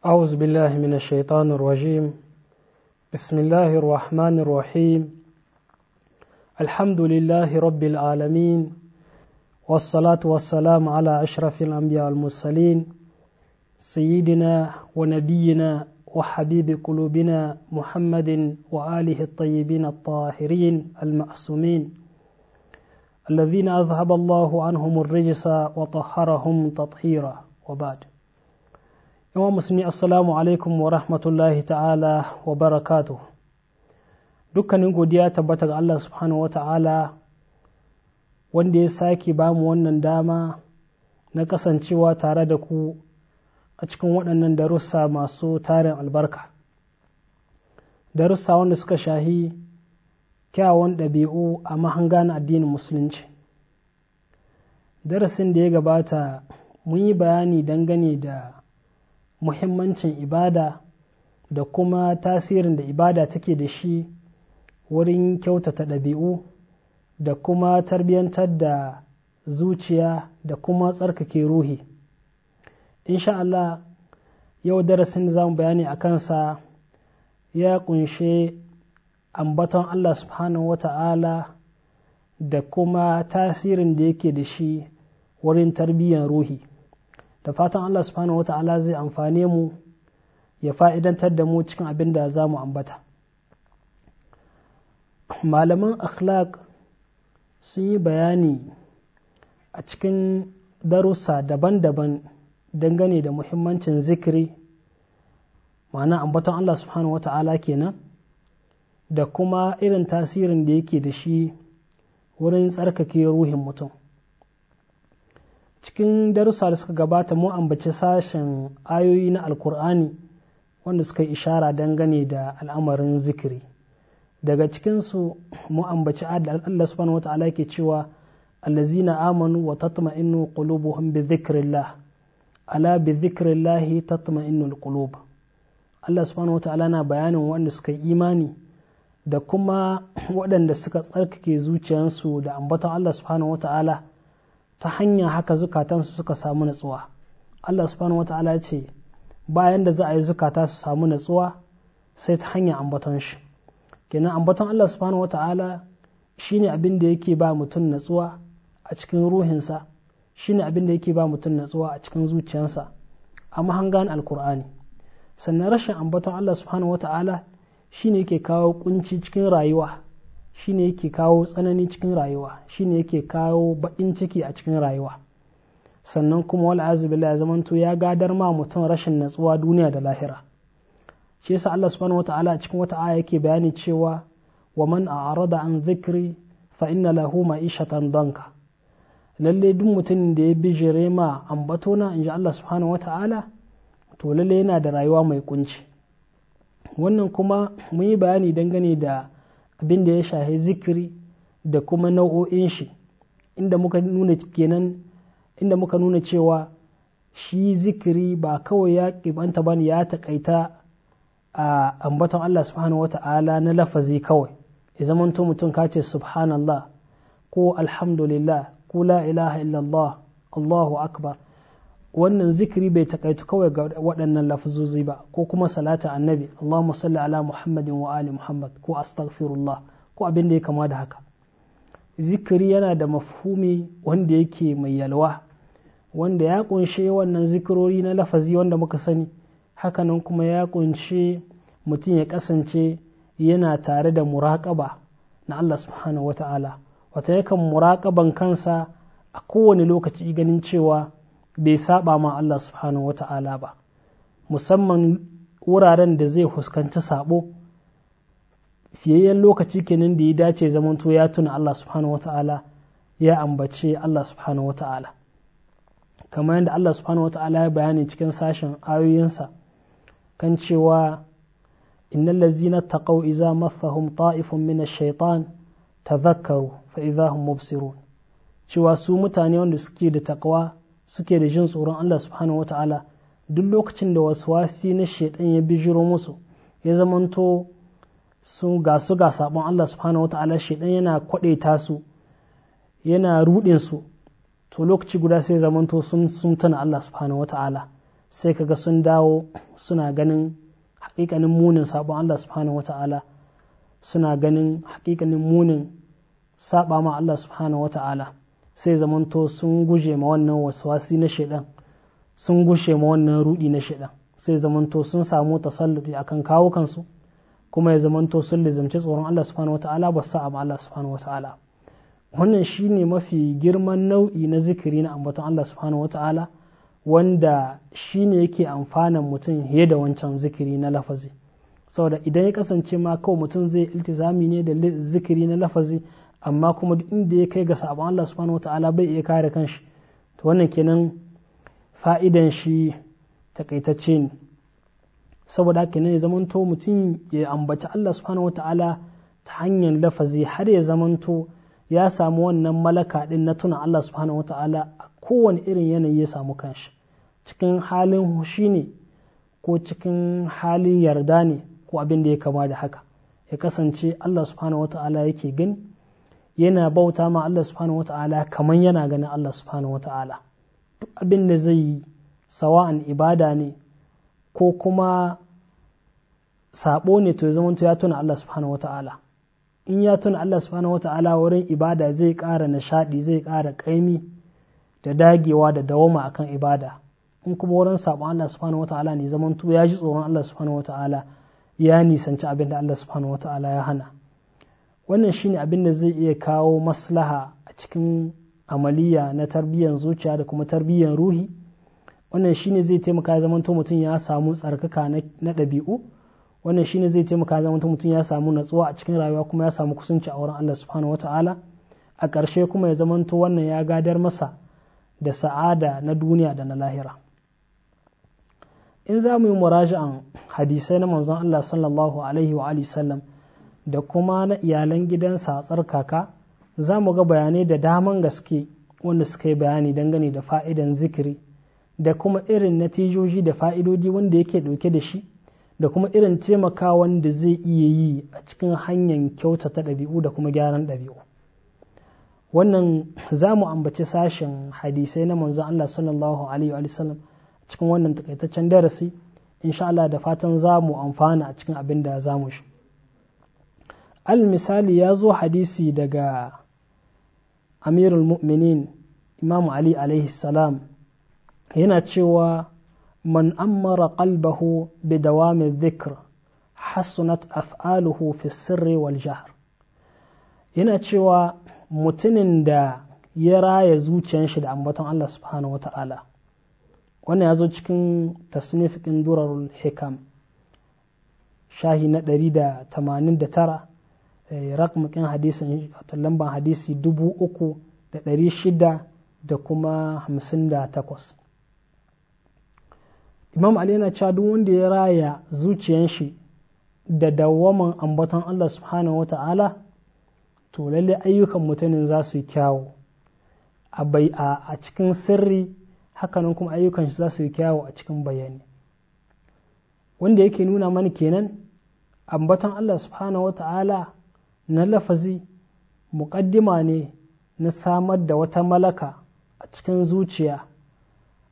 أعوذ بالله من الشيطان الرجيم بسم الله الرحمن الرحيم الحمد لله رب العالمين والصلاة والسلام على أشرف الأنبياء المرسلين سيدنا ونبينا وحبيب قلوبنا محمد وآله الطيبين الطاهرين المعصومين الذين أذهب الله عنهم الرجس وطهرهم تطهيرا وبعد yawa musulmi assalamu alaikum wa rahmatullahi ta'ala wa barakatu dukkanin godiya tabbata ga Allah subhanahu wa ta'ala wanda ya sake bamu wannan dama na kasancewa tare da ku a cikin waɗannan darussa masu tarin albarka darussa wanda suka shahi kyawun ɗabi'u a mahanga na addinin musulunci darasin da ya gabata mun yi bayani dangane da muhimmancin ibada da kuma tasirin da ibada take da shi wurin kyautata ɗabi'u da kuma tarbiyyantar da zuciya da kuma tsarkake ruhi insha Allah yau darasin da zamu bayani a kansa ya kunshe ambaton Allah subhanahu wa ta'ala da kuma tasirin da yake da shi wurin tarbiyyar ruhi da fatan Allah subhanahu wa ta'ala zai amfane mu ya fa'idantar da mu cikin abin da za mu ambata malaman akhlaq sun yi bayani a cikin darussa daban-daban dangane da muhimmancin zikiri ma'ana ambaton Allah subhanahu wa ta'ala kenan da kuma irin tasirin da yake da shi wurin tsarkake ruhin mutum cikin darussa da suka gabata mu ambaci sashen ayoyi na alkur'ani wanda suka yi ishara dangane da al'amarin zikiri daga cikinsu mu ambaci Allah subhanahu wa ta'ala ke cewa allazina amanu wa tatma'innu qulubuhum bi dhikrillah ala bi dhikrillah tatma'innu alqulub Allah subhanahu wa na bayanin wanda suka yi imani da kuma waɗanda suka tsarkake zuciyarsu da ambaton Allah subhanahu wa ta hanyar haka zukatansu suka samu natsuwa Allah subhanahu wata'ala ce bayan da za a yi zukata su samu natsuwa sai ta hanyar ambaton shi kenan ambaton Allah subhanahu wata'ala shine abin da yake ba mutum natsuwa a cikin ruhinsa shine abin da yake ba mutum natsuwa a cikin zuciyarsa a mahangan alkur'ani sannan rashin ambaton Allah subhanahu wata'ala shine yake kawo kunci cikin rayuwa shine yake kawo tsanani cikin rayuwa shi ne yake kawo baƙin ciki a cikin rayuwa sannan kuma wala azbila ya zamanto ya gadar ma mutum rashin natsuwa duniya da lahira shi yasa Allah subhanahu wataala a cikin wata aya yake bayani cewa wa man a'rada an zikiri fa inna lahu ma'ishatan danka lalle duk mutumin da ya bijire ma ambatona in Allah subhanahu wataala to lalle yana da rayuwa mai kunci wannan kuma mun yi bayani dangane da abin da ya shahi zikiri da kuma nau'o'in shi inda muka nuna kenan inda muka nuna cewa shi zikiri ba kawai ya kibanta ba ya takaita a ambaton Allah subhanahu wata'ala na lafazi kawai ya zamanto mutum ka ce subhanallah ko alhamdulillah ko la ilaha illallah Allahu akbar wannan zikiri bai takaitu kawai ga waɗannan lafazozi ba ko kuma salata annabi Allahumma salli ala Muhammadin wa ali Muhammad ko astaghfirullah ko abin da ya kama da haka zikiri yana da mafhumi wanda yake mai yalwa wanda ya kunshe wannan zikirori na lafazi wanda muka sani hakanan kuma ya kunshe mutum ya kasance yana tare da muraƙaba na Allah subhanahu wata'ala wata yakan muraƙaban kansa a kowane lokaci ganin cewa bai saba ma Allah subhanahu wa ta'ala ba musamman wuraren da zai fuskanci sabo fiyayyen lokaci kenan da ya dace zamanto ya tuna Allah subhanahu wa ta'ala ya ambace Allah subhanahu wa ta'ala kamar yadda Allah subhanahu wa ta'ala ya bayani cikin sashen ayoyinsa kan cewa innal lazina taqaw iza massahum ta'ifun min ash-shaytan tadhakkaru fa idza hum mubsirun cewa su mutane wanda suke da takwa suke da jin tsoron Allah subhanahu wa ta'ala duk lokacin da wasi na shaidan ya bijiro musu ya zamanto su gasu ga sabon Allah subhanahu wa ta'ala shaidan yana kwadaita su yana rudin su to lokaci guda sai zamanto sun sun tana Allah subhanahu wa ta'ala sai kaga sun dawo suna ganin hakikanin munin sabon Allah subhanahu wa ta'ala suna ganin hakikanin munin saba ma Allah subhanahu wa ta'ala sai zamanto sun guje ma wannan waswasi na shaidan sun gushe ma wannan rudi na shaidan sai zamanto sun samu tasallufi akan kawo kansu kuma ya zamanto sun lizamci tsoron Allah subhanahu wata'ala ba sa ba Allah subhanahu wata'ala wannan shine mafi girman nau'i na zikiri na ambaton Allah subhanahu wata'ala wanda shine yake amfanan mutum fiye da wancan zikiri na lafazi saboda idan ya kasance ma kawai mutum zai iltizami ne da zikiri na lafazi amma kuma duk inda ya kai ga sabon Allah subhanahu wata'ala bai iya kare kanshi to wannan kenan fa'idan shi takaitacce ne saboda haka ya zamanto mutum ya ambaci Allah subhanahu wata'ala ta hanyar lafazi har ya zamanto ya samu wannan malaka din na tuna Allah subhanahu wata'ala a kowane irin yanayi ya samu kanshi cikin halin hushi ne ko cikin halin yarda ne ko abin da ya kama da haka ya kasance Allah subhanahu wata'ala yake gani yana bauta ma Allah subhanahu ta'ala kamar yana ganin Allah subhanahu ta'ala duk abin da zai yi sawa'an ibada ne ko kuma sabo ne to ya zamanto ya tuna Allah subhanahu ta'ala in ya tuna Allah subhanahu ta'ala wurin ibada zai ƙara nishaɗi zai ƙara kaimi da dagewa da dawoma akan ibada in kuma wurin sabon Allah subhanahu ta'ala ne ya ji tsoron Allah subhanahu ta'ala ya nisanci abin da Allah subhanahu ta'ala ya hana wannan shine abin da zai iya kawo maslaha a cikin amaliya na tarbiyyar zuciya da kuma tarbiyyar ruhi wannan shine zai taimaka zamanto mutum ya samu tsarkaka na ɗabi'u wannan shine zai taimaka zamanto mutum ya samu natsuwa a cikin rayuwa kuma ya samu kusanci a wurin Allah subhanahu wata'ala a ƙarshe kuma ya zamanto wannan ya gadar masa da sa'ada na duniya da na lahira in za mu yi muraji'an hadisai na manzon Allah sallallahu alaihi wa alihi sallam da kuma na iyalan gidansa a tsarkaka za mu ga bayanai da daman gaske wanda suka yi bayani dangane da fa'idan zikiri da kuma irin natijoji da fa'idodi wanda yake ɗauke da shi da kuma irin taimakawan wanda zai iya yi a cikin hanyar kyautata ɗabi'u da kuma gyaran ɗabi'u wannan za mu ambaci sashen hadisai na manzon Allah sallallahu alaihi wa sallam cikin wannan takaitaccen darasi insha da fatan za mu amfana a cikin abin da za mu shi al misali ya zo hadisi daga amirul mu'minin imam ali alaihi salam yana cewa man ammara qalbahu bi dawami dhikr hasunat af'aluhu fi sirri wal jahr yana cewa mutumin da ya raya zuciyar shi da ambaton Allah subhanahu wata'ala wannan ya zo cikin tasnifikin durarul hikam shahi na ɗari da da tara. hadisi eh, hadisin lamban hadisi dubu uku da ɗari shida da kuma hamsin da takwas imam ali yana cewa duk wanda ya raya zuciyan shi da dawwaman ambaton allah subhanahu wa ta'ala to lalle ayyukan mutumin za su yi kyawu a bai a cikin sirri hakanan kuma ayyukan shi za su yi kyawu a cikin bayani wanda yake nuna mani kenan ambaton allah subhanahu wa ta'ala na lafazi muƙaddima ne na samar da wata malaka a cikin zuciya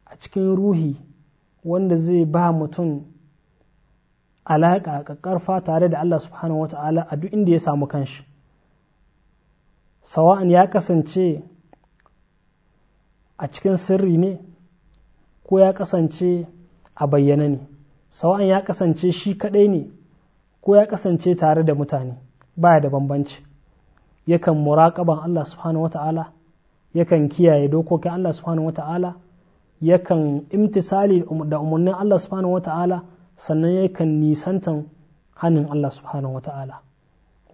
a cikin ruhi wanda zai ba mutum alaƙa ƙaƙƙarfa tare da Allah subhanahu wata'ala a duk inda ya samu kanshi sawa'an ya kasance a cikin sirri ne ko ya kasance a bayyane ne sawa'an ya kasance shi kaɗai ne ko ya kasance tare da mutane baya da bambanci yakan muraƙaban Allah subhanahu wata'ala yakan kiyaye dokokin Allah subhanahu wata'ala yakan imtisali da umarnin Allah subhanahu wata'ala sannan yakan nisantan hannun Allah subhanahu wata'ala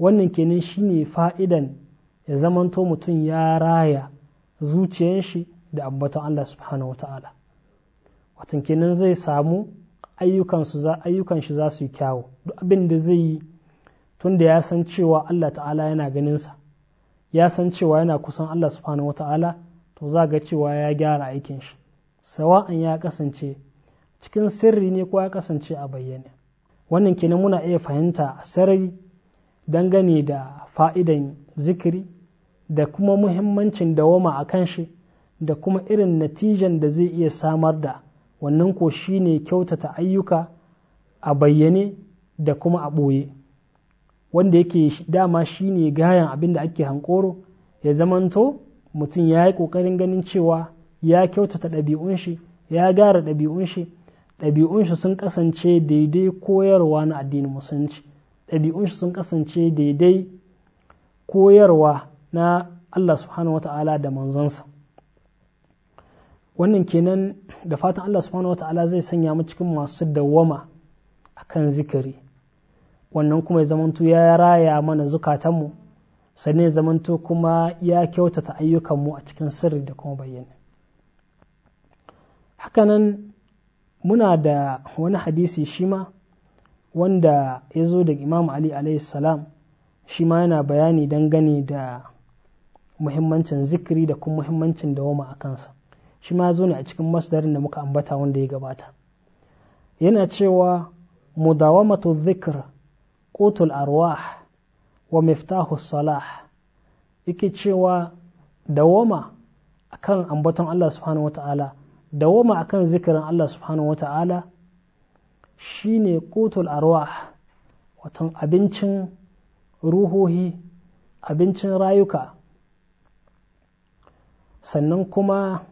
wannan kenan shine fa'idan ya zamanto mutum ya raya zuciyar shi da abbatan Allah subhanahu wata'ala watan kenan zai samu ayyukan shi za su yi kyawu duk abin da zai yi tunda ya san cewa Allah ta'ala yana ganinsa ya san cewa yana kusan Allah subhanahu wata'ala to za ga cewa ya gyara aikin shi sawa'an ya kasance cikin sirri ne ko ya kasance a bayyane wannan kenan muna iya fahimta a sarari dangane da fa'idan zikiri da kuma muhimmancin dawama a kan shi da kuma irin natijan da zai iya samar da wannan ko shine kyautata ayyuka a bayyane da kuma a ɓoye. wanda yake dama shine gayan abin da ake hankoro ya zamanto mutum ya yi ƙoƙarin ganin cewa ya kyautata ɗabi'un shi ya gara ɗabi'un shi ɗabi'un shi sun kasance daidai koyarwa na addinin musulunci ɗabi'un shi sun kasance daidai koyarwa na Allah subhanahu wata'ala da manzonsa wannan kenan da fatan Allah subhanahu wata'ala zai sanya mu cikin masu dawwama akan zikiri wannan kuma ya zamanto ya raya mana zukatanmu sannan ya zamanto kuma ya kyautata ayyukanmu a cikin sirri da kuma bayyana hakanan muna da wani hadisi shima wanda ya zo daga imam ali salam shi ma yana bayani dangane da muhimmancin zikiri da kuma muhimmancin dawoma a kansa shima ma zo ne a cikin masdarin da muka ambata wanda ya gabata yana cewa mudawamatu zikir qutul arwah wa miftahu salah yake cewa dawoma akan ambaton Allah subhanahu wata'ala dawoma akan zikirin Allah subhanahu wata'ala shine qutul arwah watan abincin ruhohi abincin rayuka sannan kuma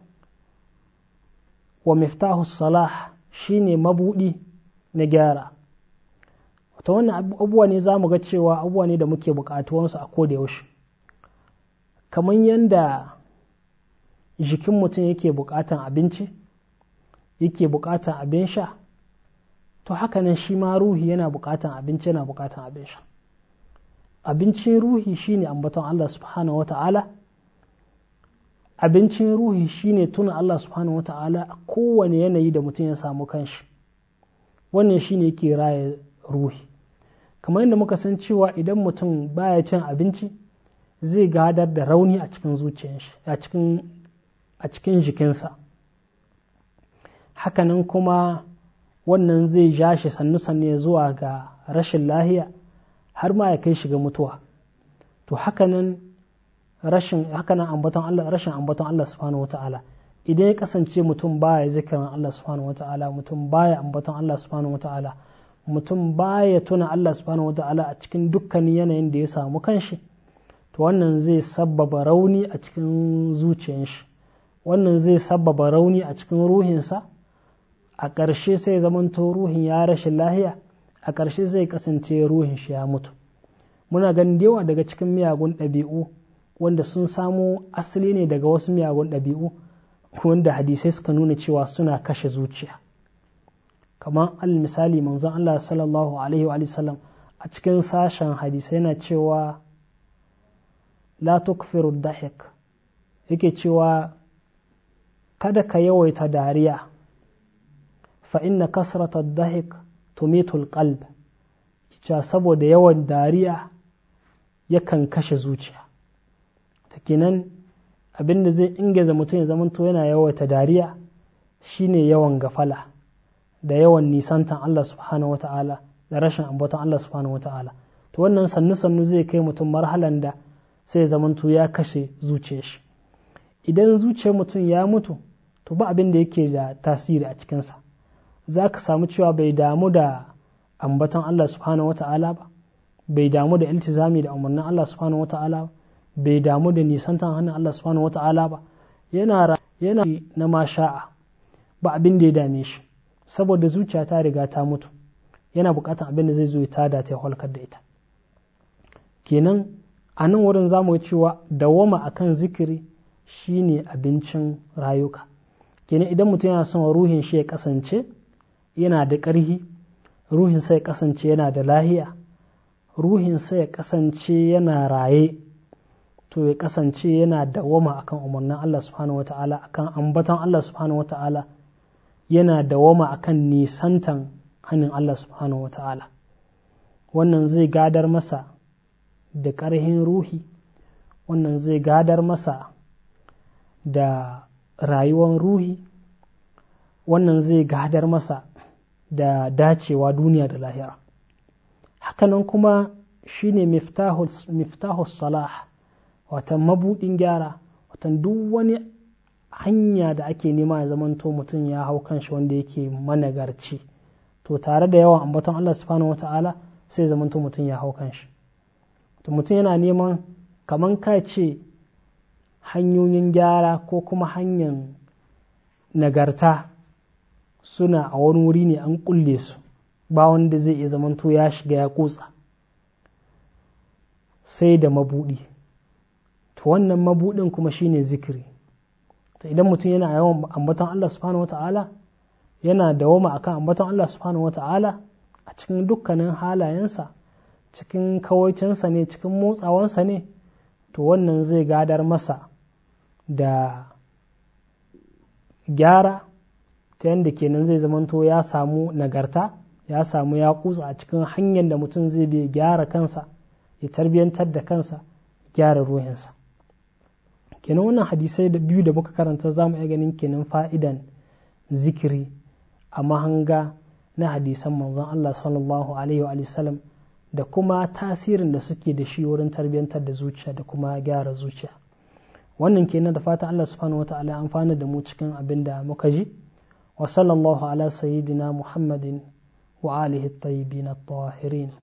wa miftahu salah shine mabudi na gyara ta wannan abubuwa ne za mu ga cewa abubuwa ne da muke bukatuwansu a koda yaushe kamar yadda jikin mutum yake bukatan abinci yake bukatan abin sha to haka nan shi ma ruhi yana bukatan abinci yana bukatan abin sha abincin ruhi shine ambaton Allah subhanahu wata'ala abincin ruhi shine tuna Allah subhanahu wata'ala a kowane yanayi da mutum ya samu kanshi wannan shine yake raya ruhi kamar yadda muka san cewa idan mutum baya cin abinci zai gadar da rauni a cikin a cikin jikinsa hakanan kuma wannan zai ja shi sannu-sannu zuwa ga rashin lahiya har ma ya kai shiga mutuwa to hakanan rashin hakanan ambaton Allah rashin ambaton Allah subhanahu wata'ala idan ya kasance mutum baya zikirin Allah subhanahu wata'ala mutum baya ambaton Allah subhanahu wata'ala mutum ba ya tuna Allah subhanahu wata'ala a cikin dukkanin yanayin da ya samu kanshi to wannan zai sabbaba rauni a cikin zuciyanshi wannan zai sabbaba rauni a cikin ruhinsa a ƙarshe sai zamanto ruhin ya rashin lahiya a ƙarshe zai kasance ruhin shi ya mutu muna ganin yawa daga cikin miyagun ɗabi'u wanda sun samo asali ne daga wasu miyagun ɗabi'u wanda hadisai suka nuna cewa suna kashe zuciya kamar al misali manzon Allah sallallahu alaihi wa sallam a cikin sashen hadisai yana cewa la tukfiru dahik yake cewa kada ka yawaita dariya fa inna kasrata dahik al qalb cewa saboda yawan dariya yakan kashe zuciya ta kenan abinda zai ingaza mutum ya zamanto yana yawaita dariya shine yawan gafala da yawan nisantan Allah subhanahu wa ta'ala da rashin ambaton Allah subhanahu wa ta'ala to wannan sannu sannu zai kai mutum marhalan da sai zamantu ya kashe zuciyar shi idan zuciyar mutum ya mutu to ba abin da yake da tasiri a cikinsa za ka samu cewa bai damu da ambaton Allah subhanahu wa ta'ala ba bai damu da iltizami da umarnin Allah subhanahu wa ta'ala ba bai damu da nisantan hannun Allah subhanahu wa ta'ala ba yana yana na masha'a ba abin da ya dame shi saboda zuciya ta riga ta mutu yana bukatan abin da zai zo ya tada ta halkar da ita kenan a nan wurin za mu cewa dawama akan zikiri shine abincin rayuka kenan idan mutum yana son ruhin shi ya kasance yana da ƙarhi ruhin sai ya kasance yana da lahiya ruhin sai ya kasance yana raye to ya kasance yana dawama akan umarnin Allah subhanahu wata'ala akan ambaton Allah subhanahu wata'ala yana dawama kan nisantan hannun Allah subhanahu wa ta'ala wannan zai gadar masa da ƙarhin ruhi wannan zai gadar masa da rayuwan ruhi wannan zai gadar masa da dacewa duniya da lahira hakanan kuma shine miftahus salah watan mabuɗin gyara watan duk wani hanya da ake nema ya zamanto mutum ya hau kanshi wanda yake managarci to tare da yawan ambaton Allah subhanahu wata'ala sai zamanto mutum ya hau kanshi to mutum yana neman kaman ka ce hanyoyin gyara ko kuma hanyar nagarta suna a wani wuri ne an kulle su ba wanda zai iya zamanto ya shiga ya kutsa sai da mabuɗi to wannan mabuɗin kuma shine zikiri ta idan mutum yana yawan ambaton Allah subhanahu wata'ala yana dawoma akan ambaton Allah subhanahu wata'ala a cikin dukkanin halayensa cikin kawaicinsa ne cikin motsawansa ne to wannan zai gadar masa da gyara ta yadda kenan zai zamanto ya samu nagarta ya samu ya kutsa a cikin hanyar da mutum zai bi gyara kansa ya tarbiyantar da kansa gyara ruhinsa kenan wannan hadisai da biyu da muka karanta za mu iya ganin kenan fa'idan zikiri a mahanga na hadisan manzon Allah sallallahu alaihi wa sallam da kuma tasirin da suke da shi wurin tarbiyyantar da zuciya da kuma gyara zuciya wannan kenan da fata Allah subhanahu wa ta'ala amfana da mu cikin abin da muka ji wa sallallahu ala sayyidina muhammadin wa alihi tayyibin at-tahirin